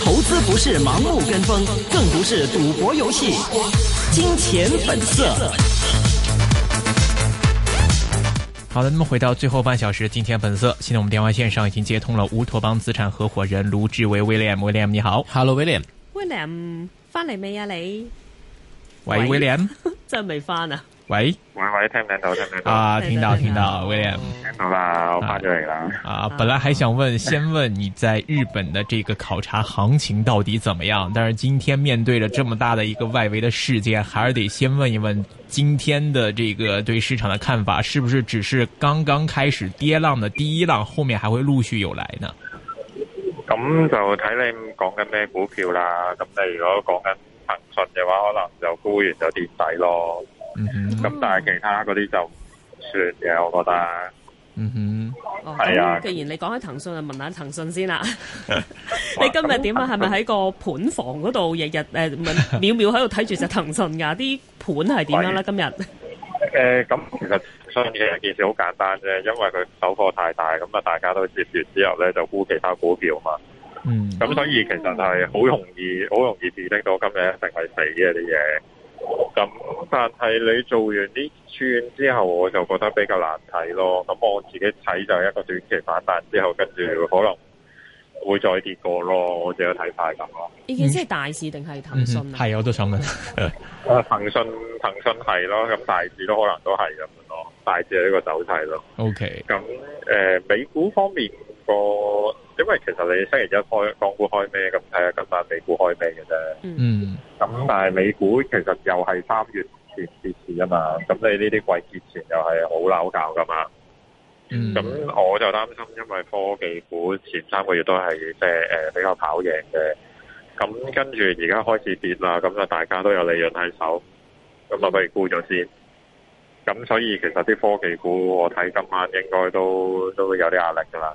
投資不是盲目跟風，更不是賭博遊戲。金錢本色。好的，那麼回到最後半小時，金錢本色。現在我們電話線上已經接通了烏托邦資產合夥人盧志威 William，William 你好，Hello William。William 翻嚟未啊，你喂 Why William？真未翻啊。喂，喂喂，聽到聽到啊，聽到聽到，William，好啦、嗯啊，我返咗嚟啦。啊，本來還想問、嗯，先問你在日本的這個考察行情到底怎麼樣？但是今天面對着這麼大的一個外圍的事件，還是得先問一問今天的這個對市場的看法，是不是只是剛剛開始跌浪的第一浪，後面還會陸續有來呢？咁、嗯嗯嗯嗯、就睇你講緊咩股票啦。咁你如果講緊騰訊嘅話，可能就沽完就跌底咯。咁、嗯、但係其他嗰啲就算嘅，我覺得、啊。嗯哼，係啊。哦、既然你講起騰訊，就問下騰訊先啦。 你今日點啊？係咪喺個盤房嗰度日日誒，秒秒喺度睇住隻騰訊噶？啲盤係點樣啦？今日。誒、呃，咁其實騰訊嘅件事好簡單啫，因為佢首貨太大，咁啊大家都接住之後咧，就沽其他股票啊嘛。嗯。咁所以其實係好容易，好、嗯、容易預測到今日一定係死嘅啲嘢。咁、嗯，但係你做完呢串之後，我就覺得比較難睇咯。咁我自己睇就一個短期反彈之後，跟住可能會再跌過咯。我自己睇法係咁咯。呢件先係大市定係騰訊啊？係、嗯嗯，我都想問。誒， 騰訊騰訊係咯，咁大市都可能都係咁樣咯。大市係呢個走勢咯。O K。咁誒，美股方面個。因為其實你星期一開港股開咩，咁睇下今晚美股開咩嘅啫。嗯。咁但係美股其實又係三月前跌市啊嘛，咁你呢啲季節前又係好扭教噶嘛。嗯。咁我就擔心，因為科技股前三個月都係即係誒比較跑贏嘅，咁跟住而家開始跌啦，咁就大家都有利潤喺手，咁啊不如沽咗先。咁所以其實啲科技股我睇今晚應該都都會有啲壓力噶啦。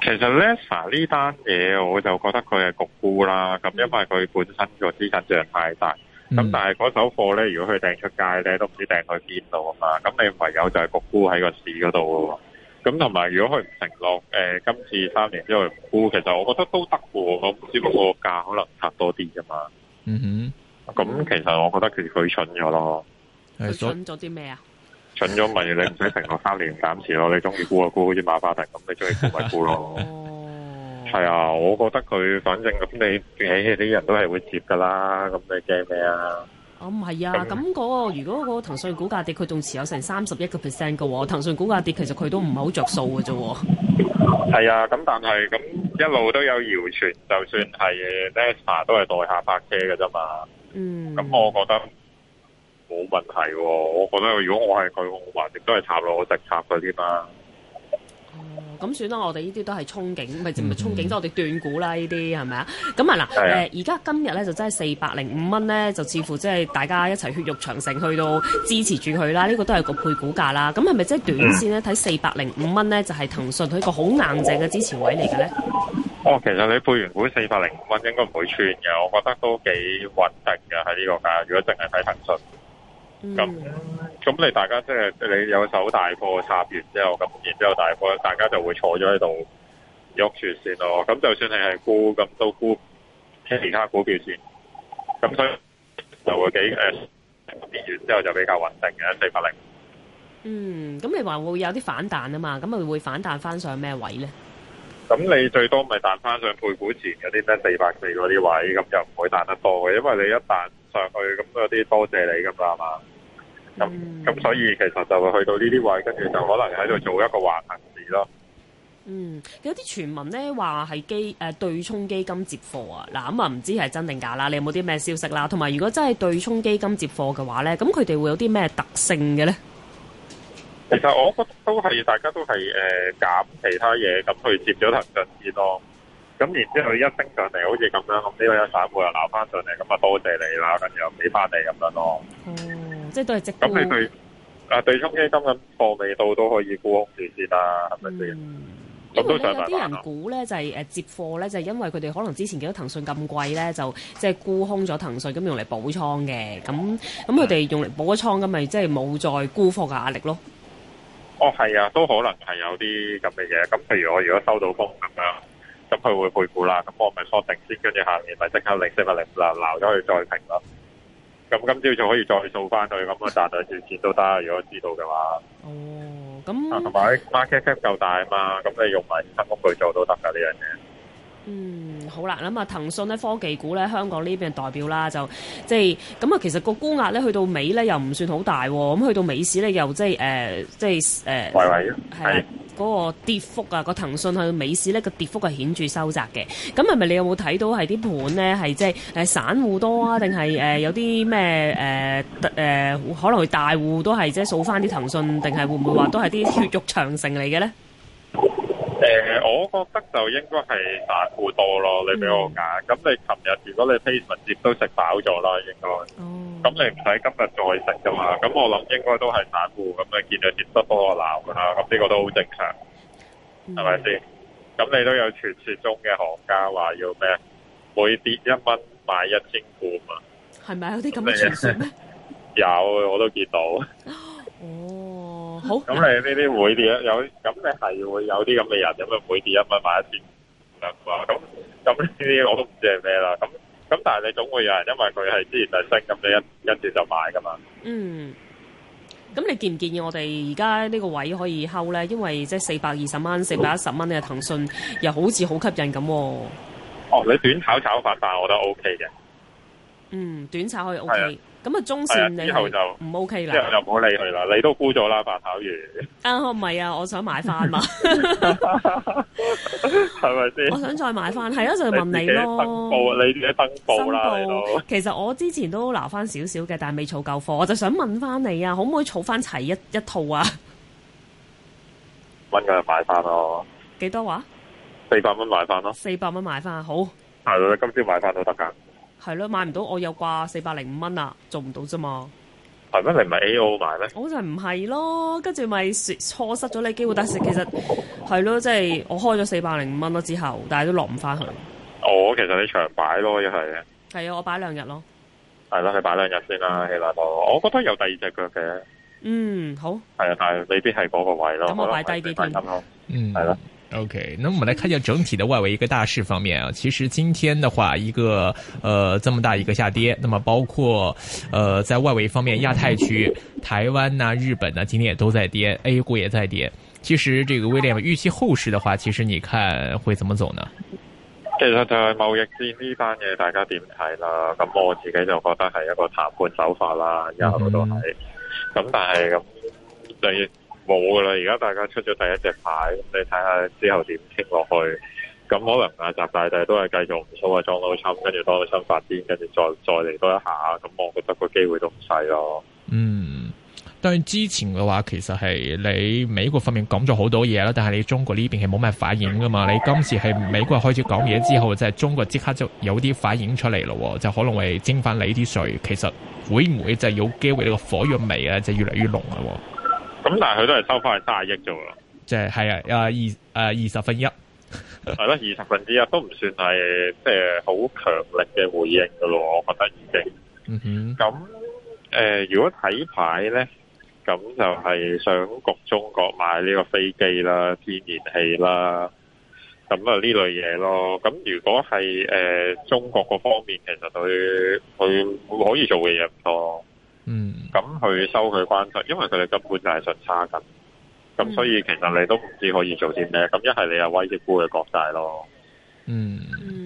其實 lessa 呢單嘢我就覺得佢係焗沽啦，咁因為佢本身個資產量太大，咁但係嗰手貨咧，如果佢掟出街咧都唔知掟去邊度啊嘛，咁你唯有就係焗沽喺個市嗰度咯。咁同埋如果佢唔承諾，誒、呃、今次三年之後唔沽，其實我覺得都得喎。咁只不，不過價可能拆多啲啫嘛。嗯哼，咁其實我覺得其實佢蠢咗咯。蠢咗啲咩啊？等咗咪，你唔使成個三年減持咯。你中意沽啊沽，好似馬化騰咁，你中意沽咪沽咯。係啊，我覺得佢反正咁你起起啲人都係會接噶啦，咁你驚咩啊？哦唔係啊，咁嗰、嗰個如果個騰訊股價跌，佢仲持有成三十一個 percent 噶，騰訊股價跌，其實佢都唔係好着數噶啫。係、嗯、 啊，咁但係咁一路都有謠傳，就算係 Tesla 都係代下泊車噶啫嘛。嗯。咁我覺得。冇問題喎、啊，我覺得如果我係佢，我橫直都係插落，我直插嗰啲啦。哦、嗯，咁算啦，我哋呢啲都係憧憬，咪淨係憧憬，即係我哋斷股啦。呢啲係咪啊？咁啊嗱，誒而家今日咧就真係四百零五蚊咧，就似乎即係大家一齊血肉長城去到支持住佢啦。呢、這個都係個配股價啦。咁係咪即係短線咧睇四百零五蚊咧，就係、是、騰訊佢一個好硬淨嘅支持位嚟嘅咧？哦，其實你配完股四百零五蚊應該唔會穿嘅，我覺得都幾穩定嘅喺呢個價。如果淨係睇騰訊。咁、嗯，咁你大家即係，即係你有手大貨插完之後，咁然之後大貨，大家就會坐咗喺度喐住先咯。咁就算你係沽，咁都沽其他股票先。咁所以就會幾誒跌、呃、完之後就比較穩定嘅四百零。嗯，咁你話會有啲反彈啊嘛？咁咪會反彈翻上咩位咧？咁你最多咪彈翻上配股前嗰啲咩四百四嗰啲位，咁就唔會彈得多嘅。因為你一彈上去，咁都有啲多謝，謝你噶嘛。係嘛？咁、嗯、咁所以其實就會去到呢啲位，跟住就可能喺度做一個橫市咯。嗯，有啲傳聞咧話係基誒對沖基金接貨啊，嗱咁啊唔知係真定假啦。你有冇啲咩消息啦、啊？同埋如果真係對沖基金接貨嘅話咧，咁佢哋會有啲咩特性嘅咧？其實我覺得都係大家都係誒減其他嘢，咁去接咗騰訊先咯。咁然之後一升上嚟，好似咁樣，咁呢個有散戶又鬧翻上嚟，咁啊多謝你啦，跟住又俾翻你咁樣咯。嗯即係對，值股咁你對啊？對沖基金嘅貨未到都可以沽空住先啦，係咪先？咁都有啲人估咧，就係誒接貨咧，就係因為佢哋可能之前見到騰訊咁貴咧，就即係沽空咗騰訊，咁用嚟補倉嘅。咁咁佢哋用嚟補咗倉，咁咪即係冇再沽貨嘅壓力咯。哦，係啊，都可能係有啲咁嘅嘢。咁譬如我如果收到風咁樣，咁佢會配股啦。咁我咪確定先，跟住下面咪即刻零四百零四啊，鬧咗佢再停咯。咁今朝仲可以再掃翻佢，咁啊賺到少少都得。如果知道嘅話，哦，咁同埋 market cap 夠大啊嘛，咁你用埋新工具做都得噶呢樣嘢。嗯，好啦，諗啊，騰訊咧科技股咧香港呢邊代表啦，就即係咁啊，其實個估額咧去到尾咧又唔算好大喎，啊，咁去到尾市咧又即係誒、呃，即係誒，喂、呃嗰個跌幅啊，個騰訊去美市咧個跌幅係顯著收窄嘅。咁係咪你有冇睇到係啲盤咧？係即係誒散戶多啊，定係誒有啲咩誒誒可能大戶都係即係數翻啲騰訊，定係會唔會話都係啲血肉長城嚟嘅咧？誒、欸，我覺得就應該係散戶多咯，你俾我揀。咁、嗯、你琴日如果你非神跌都食飽咗啦，應該。哦。咁你唔使今日再食噶嘛？咁我諗應該都係散戶，咁啊見到跌得多我鬧噶啦，咁呢個都好正常，係咪先？咁你都有傳說中嘅行家話要咩？每跌一蚊買一千股嘛？係咪有啲咁傳說咩？ 有，我都見到。咁你呢啲會跌有，咁你係會有啲咁嘅人，咁啊每跌一蚊買一千兩咁，咁呢啲我都唔知係咩啦。咁咁但係你總會有人，因為佢係之前就升，咁你一一次就買噶嘛。嗯，咁你建唔建議我哋而家呢個位可以 hold 呢？咧？因為即係四百二十蚊，四百一十蚊嘅騰訊又好似好吸引咁。哦，你短炒炒法吧，我覺得 O K 嘅。嗯，短炒可以 OK，咁啊中線你唔 OK 啦，之後就唔好理佢啦，你都估咗啦，白頭魚。啊，唔係啊，我想買翻嘛，係咪先？我想再買翻，係啊，就問你咯。你登報啊，你啲嘢登報啦，你其實我之前都拿翻少少嘅，但係未儲夠貨，我就想問翻你可可啊，可唔、嗯、可以儲翻齊一一套啊？搵嘅買翻咯，幾多話？四百蚊買翻咯，四百蚊買翻好。係啦，今朝買翻都得噶係咯，買唔到我有掛四百零五蚊啦，做唔到啫嘛。係咩？你唔係 A.O. 買咩？我就唔係咯，跟住咪錯失咗你機會。但係其實係咯，即係、就是、我開咗四百零五蚊咯之後，但係都落唔翻去。我、哦、其實你長擺咯，又係嘅。係啊，我擺兩日咯。係啦，你擺兩日先啦，阿大佬。我覺得有第二隻腳嘅。嗯，好。係啊，但係未必係嗰個位咯。咁、嗯、我擺低啲咁好。嗯，係啦。OK，那我們來看一下整體的外圍一個大勢方面啊，其實今天的話一個，呃，這麼大一個下跌，那麼包括，呃，在外圍方面，亞太區、台灣啊、日本呢、啊，今天也都在跌，A 股也在跌。其實這個 William 預期後市的話，其實你看會怎麼走呢？其實就係貿易戰呢番嘢，大家點睇啦？咁我自己就覺得係一個談判手法啦，然後都係噉，咁、啊嗯、但係咁，所以。冇噶啦，而家大家出咗第一隻牌，你睇下之後點傾落去，咁可能阿習大大都係繼續唔錯啊，裝到深，跟住多到深發展，跟住再再嚟多一下，咁我覺得個機會都唔細咯。嗯，但之前嘅話，其實係你美國方面講咗好多嘢啦，但係你中國呢邊係冇咩反應噶嘛？你今次係美國開始講嘢之後，即係中國即刻就有啲反應出嚟咯，就可能會蒸翻你啲水。其實會唔會就有機會呢個火藥味咧，就越嚟越濃啦？咁但係佢都係收翻去卅億啫喎，即係係啊，二誒二十分之一，係 啦二十分之一都唔算係即係好強力嘅回應噶咯，我覺得已經，嗯哼。咁誒、呃、如果睇牌咧，咁就係想局中國買呢個飛機啦、天然氣啦，咁啊呢類嘢咯。咁如果係誒、呃、中國個方面，其實佢佢可以做嘅嘢唔多。嗯，咁、嗯、去收佢關稅，因為佢哋根本就係順差緊，咁、嗯、所以其實你都唔知可以做啲咩，咁一係你又威脅股嘅國債咯。嗯嗯，嗯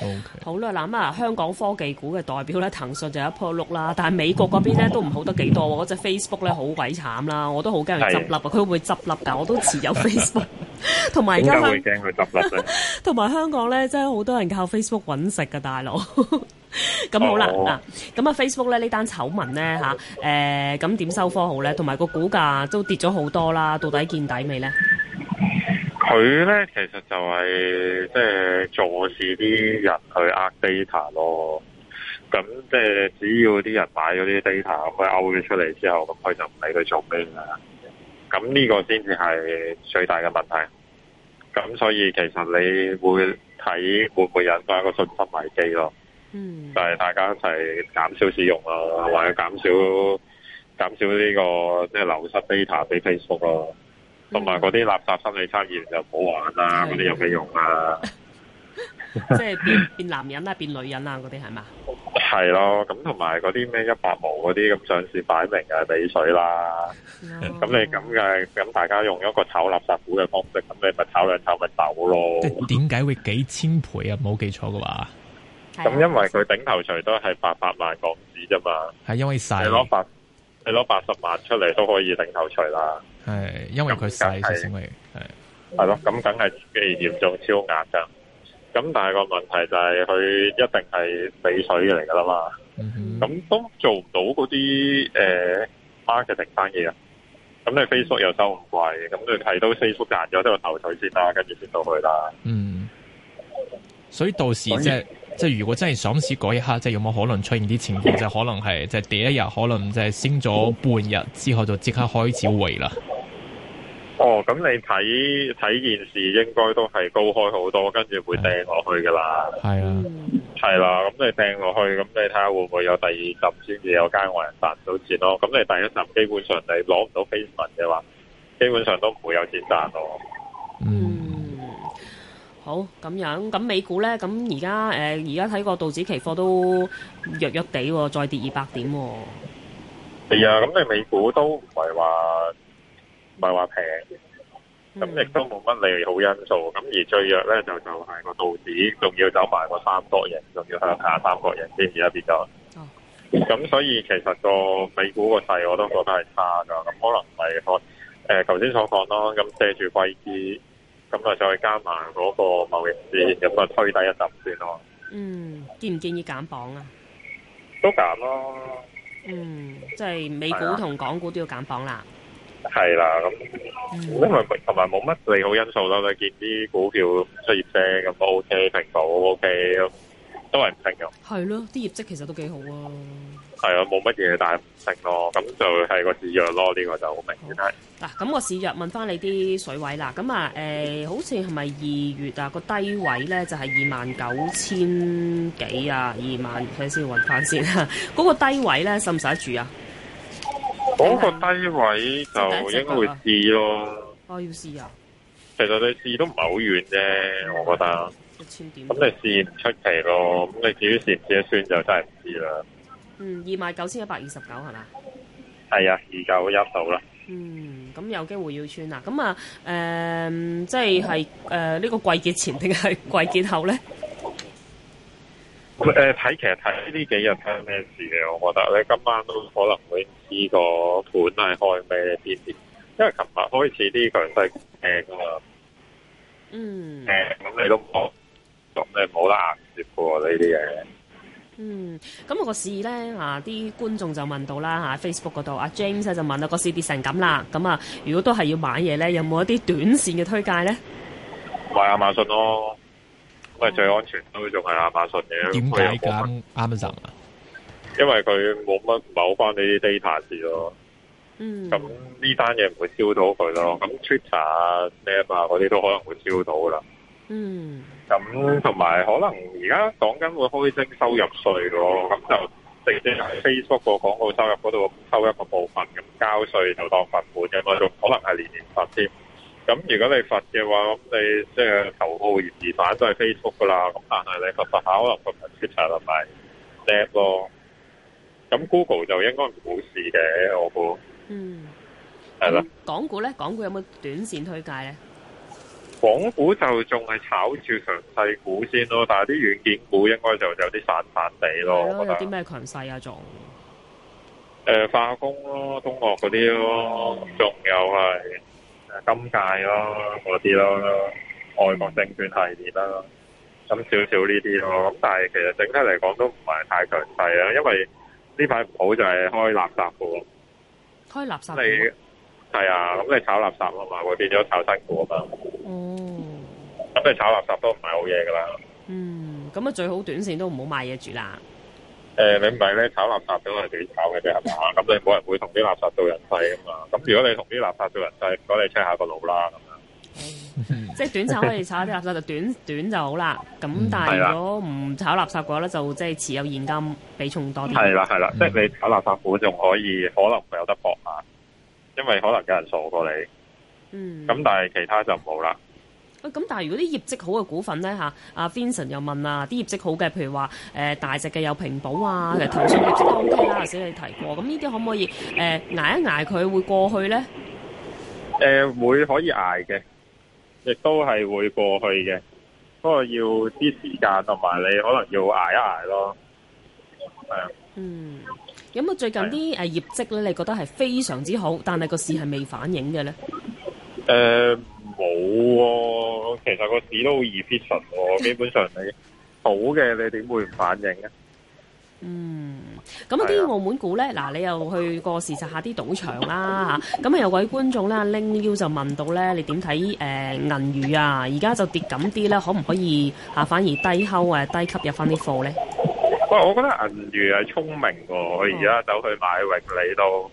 Okay. 好，好啦，嗱咁啊，香港科技股嘅代表咧，騰訊就一破六啦，但係美國嗰邊咧都唔好得幾多，嗰隻 Facebook 咧好鬼慘啦，我都好驚佢執笠啊，佢是的 會唔會執笠啊？我都持有 Facebook，同埋 而家會驚佢執笠，同埋香港咧真係好多人靠 Facebook 搵食噶，大佬。咁 好啦嗱，咁、哦、啊 Facebook 咧呢單醜聞咧吓，誒咁點收科好咧？同、哦、埋個股價都跌咗好多啦，到底見底未咧？佢咧其實就係即係坐視啲人去呃 data 咯，咁即係只要啲人買咗啲 data 佢勾 out 咗出嚟之後，咁佢就唔理佢做咩噶啦，咁呢、這個先至係最大嘅問題。咁所以其實你會睇會唔會引發一個信心危機咯？嗯、就係、是、大家一齊減少使用咯、啊，或者減少減少呢、這個即係流失 data 俾 Facebook 咯、啊，同埋嗰啲垃圾心理測驗就唔好玩啦、啊，嗰啲有咩用啊？即 係 變男人啦、啊，變女人啦、啊，嗰啲係嘛？係咯，咁同埋嗰啲咩一百毛嗰啲咁上市擺明啊，底水啦、啊。咁、no. 你咁嘅咁大家用一個炒垃圾股嘅方式，咁你咪炒兩炒咪走咯。點解會幾千倍啊？冇記錯嘅話。咁因為佢頂頭除都係八百萬港紙啫嘛，係因為細，攞八你攞八十萬出嚟都可以頂頭除啦。係因為佢細先，係係係咯，咁梗係幾嚴重超額噶咁但係個問題就係佢一定係尾水嚟噶啦嘛。咁、mm -hmm. 都做唔到嗰啲誒 marketing 生意啊。咁、呃、你 Facebook 又收唔貴，咁你睇到 Facebook 賺咗都頭除先啦，跟住先到去啦。嗯、mm -hmm.，所以到時以即即係如果真係上市嗰一刻，即係有冇可能出現啲情況？就可能係即係第一日可能即係升咗半日之後就即刻開始回啦。哦，咁你睇睇件事應該都係高開好多，跟住會掟落去噶啦。係啊，係啦、啊、咁、啊、你掟落去，咁你睇下會唔會有第二集先至有街外人賺到錢咯？咁你第一集基本上你攞唔到 Facebook 嘅話，基本上都唔會有錢賺咯。嗯。好咁樣，咁美股咧，咁而家誒，而家睇個道指期貨都弱弱地喎，再跌二百點喎、哦。係啊，咁你美股都唔係話唔係話平，咁亦都冇乜利好因素。咁而最弱咧就就係個道指，仲要走埋個三角形，仲要向下三角形先而家跌咗。咁、哦、所以其實個美股個勢我都覺得係差嘅。咁可能係看誒頭先所講咯。咁借住貴啲。咁啊，再加埋嗰個貿易市，咁啊推低一浸先咯。嗯，建唔建議減磅啊？都減咯。嗯，即係美股同港股都要減磅啦。係啦，咁因為同埋冇乜利好因素，你見啲股票出業績咁、那個、OK，平保 OK 都係唔平嘅。係咯，啲業績其實都幾好啊。係、這個那個欸、啊，冇乜嘢大勝咯，咁就係個試弱咯。呢個就好明顯啦。嗱，咁我試弱問翻你啲水位啦。咁啊，誒，好似係咪二月啊個低位咧就係二萬九千幾啊？二萬睇下先，搵翻先。嗰個低位咧，使唔使得住啊？嗰、那個低位就應該會試咯。我、哦、要試啊！其實你試都唔係好遠啫，我覺得。一千點。咁你試唔出奇咯？咁你至於試唔試得算就真係唔知啦。嗯嗯，二萬九千一百二十九係嘛？係啊，二九一度啦。嗯，咁有機會要穿啦，咁啊，誒、呃，即係係誒呢個季結前定係季結後咧？誒、嗯，睇其實睇呢幾日睇咩事嘅，我覺得咧今晚都可能會知個盤係開咩啲先，因為琴日開始啲強勢平啊。嗯，誒，咁你都冇，咁你冇得接喎，呢啲嘢。嗯，咁、那、我個市咧啊，啲觀眾就問到啦吓，Facebook 嗰度，阿、啊、James 就問啦，個市跌成咁啦，咁啊，如果都係要買嘢咧，有冇一啲短線嘅推介咧？買亞馬遜咯，咁係最安全都仲係亞馬遜嘅。點解噶？啱唔啱啊？因為佢冇乜某翻你啲 data 字咯。嗯。咁呢單嘢唔會燒到佢咯。咁 Twitter 啊、Snap 啊嗰啲都可能會燒到噶啦。Mm. 嗯，咁同埋可能而家講緊會開徵收入稅咯，咁就直接喺 Facebook 個廣告收入嗰度收一個部分咁交稅就當罰款嘅，我仲可能係年年罰添。咁如果你罰嘅話，咁你即係頭號嫌疑犯都係 Facebook 噶啦。咁但係你罰罰下可能罰埋 Snap 同埋 App 咯。咁 Google 就應該冇事嘅，我估。嗯，係、嗯、啦港股咧，港股有冇短線推介咧？港股就仲係炒住強勢股先咯，但係啲軟件股應該就有啲散散地咯。係咯、啊，有啲咩強勢啊？仲？誒，化工咯，東岳嗰啲咯，仲、嗯、有係誒金界咯，嗰啲咯、嗯，外國證券系列啦，咁、嗯、少少呢啲咯。咁但係其實整體嚟講都唔係太強勢啦，因為呢排唔好就係開垃圾股，開垃圾股。你係啊，咁你炒垃圾啊嘛，會變咗炒新股啊嘛。哦、嗯，咁你炒垃圾都唔係好嘢噶啦。嗯，咁啊最好短線都唔好買嘢住啦。誒、呃，你唔係咧炒垃圾都係短炒嘅啫，係嘛？咁 你冇人會同啲垃圾做人細啊嘛。咁如果你同啲垃圾做人細，唔該你 check 下個腦啦咁樣。即係短炒可以炒啲垃圾，就短 短就好啦。咁但係如果唔炒垃圾嘅話咧，就即係持有現金比重多啲。係啦係啦，即係你炒垃圾股仲可以，可能有得搏啊。因為可能有人傻過你，嗯，咁但係其他就唔好啦。喂，咁但係如果啲業績好嘅股份咧吓，阿 Vincent 又問啊，啲業績好嘅，譬如話誒、呃、大隻嘅有平保啊，騰訊業績都 OK 啦，頭先你提過，咁呢啲可唔可以誒、呃、捱一捱佢會過去咧？誒、呃，會可以捱嘅，亦都係會過去嘅，不過要啲時間同埋你可能要捱一捱咯，係、嗯、啊、嗯。有冇最近啲誒業績咧？你覺得係非常之好，是但係個市係未反映嘅咧？誒冇喎，其實個市都好易結實喎， 基本上你好嘅，你點會唔反映咧？嗯，咁啲澳門股咧，嗱、啊，你又去過視察下啲賭場啦嚇，咁 啊有位觀眾咧，阿拎 U 就問到咧，你點睇誒銀娛啊？而家就跌緊啲咧，可唔可以嚇、啊、反而低收或者低吸入翻啲貨咧？喂，我覺得銀娛係聰明個，我而家走去買永利都，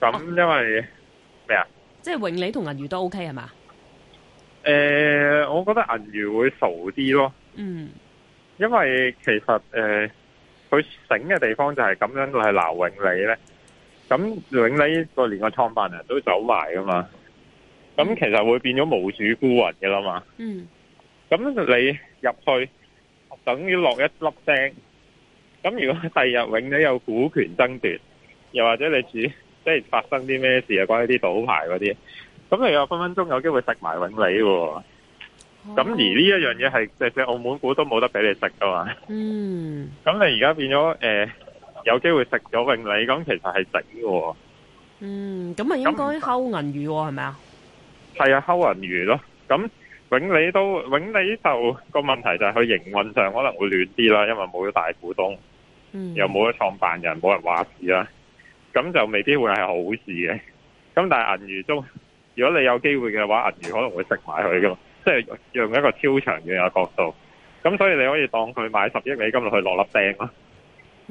咁因為咩啊？即係永利同銀娛都 OK 係嘛？誒，我覺得銀娛會傻啲咯。嗯。因為其實誒，佢、呃、醒嘅地方就係咁樣，佢係撈永利咧。咁永利個連個創辦人都走埋噶嘛？咁、嗯、其實會變咗無主孤魂嘅啦嘛。嗯。咁你入去？等於落一粒釘，咁如果第日永利有股權爭奪，又或者你處即係發生啲咩事啊，關於啲賭牌嗰啲，咁你又分分鐘有機會食埋永利喎、哦。咁、哦、而呢一樣嘢係只隻澳門股都冇得俾你食噶嘛。嗯。咁你而家變咗誒、呃，有機會食咗永利，咁其實係整嘅。嗯，咁咪應該收銀娛，係咪啊？係啊，收銀娛咯。咁。永利都永利就個問題就係佢營運上可能會亂啲啦，因為冇咗大股東，嗯、又冇咗創辦人，冇人話事啦，咁就未必會係好事嘅。咁但係銀娛都，如果你有機會嘅話，銀娛可能會食埋佢噶嘛，即係用一個超長遠嘅角度。咁所以你可以當佢買十億美金落去落粒釘咯。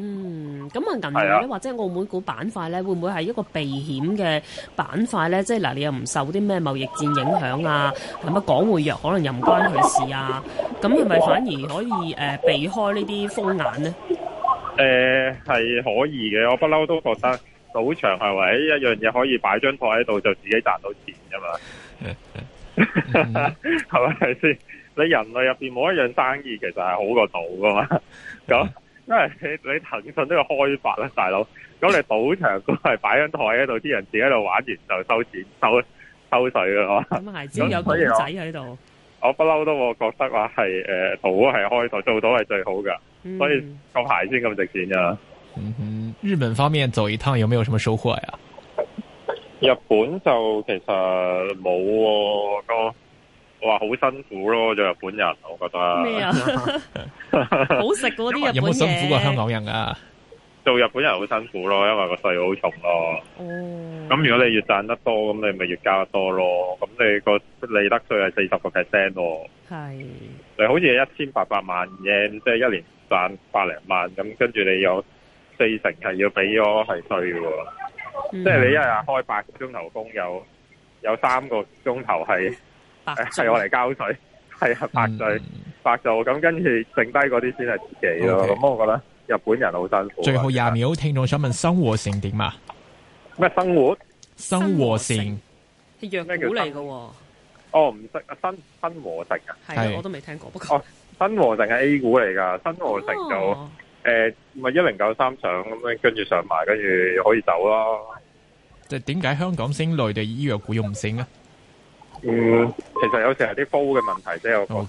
嗯，咁啊，銀業咧，或者澳門股板塊咧，會唔會係一個避險嘅板塊咧？即係嗱，你又唔受啲咩貿易戰影響啊？係咪港匯弱，可能又唔關佢事啊？咁係咪反而可以、呃、避開眼呢啲風險咧？誒、呃、係可以嘅，我不嬲都覺得賭場係咪一樣嘢可以擺張台喺度就自己賺到錢㗎嘛？係咪先？你人類入邊冇一樣生意其實係好過賭噶嘛？咁。 因 為你你騰訊都要開發啦，大佬。咁你賭場都係擺張檯喺度，啲人自己喺度玩完就收錢收收水噶，嗬。咁啊，係有個仔喺度。我不嬲都，我覺得話係誒，賭係開頭做到係最好噶，所以個牌先咁值錢咋。嗯哼、嗯嗯，日本方面走一趟，有冇有什麼收穫呀、啊？日本就其實冇個。話好辛苦咯，做日本人，我覺得。咩啊？好食嗰啲日本人，有冇辛苦啊？香港人啊 ？做日本人好辛苦咯，因為個稅好重咯。哦。咁如果你越賺得多，咁你咪越交得多咯。咁你個利得稅係四十個 percent 咯。係。你好似一千八百萬日圓，即係一年賺百零萬，咁跟住你有四成係要俾咗係稅喎。即係你一日開八個鐘頭工，有有三個鐘頭係。嗯係我嚟交稅，係黑、啊、白水、嗯、白做，咁跟住剩低嗰啲先係自己咯。咁、okay. 我覺得日本人好辛苦、啊。最後廿秒，聽眾想問新和成點啊？咩生活？生活性新和成係藥股嚟噶、哦。哦，唔識啊新新和成啊，係我都未聽過不。哦，新和成係 A 股嚟噶，新和成就誒，咪一零九三上咁樣，跟住上埋，跟住可以走咯。即係點解香港升內地醫藥股又唔升咧？嗯，嗯，其實有時係啲煲嘅問題，啫、okay.，我覺得。